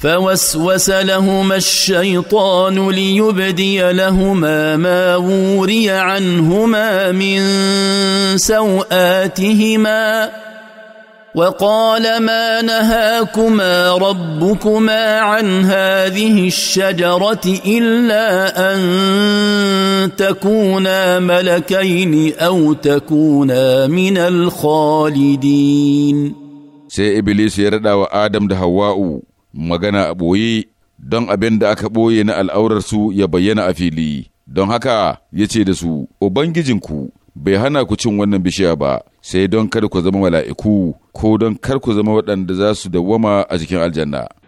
فوسوس لهما الشيطان ليبدي لهما ما وري عنهما من سواتهما وقال ما نهاكما ربكما عن هذه الشجره الا ان تكونا ملكين او تكونا من الخالدين سي ابليس يردى وادم ده magana a ɓoye don abin da aka ɓoye na al'aurarsu ya bayyana a fili. Don haka ya ce da su, Ubangijinku bai hana ku cin wannan bishiya ba, sai don kar ku zama mala'iku ko don kar ku zama waɗanda za su dawwama a cikin aljanna.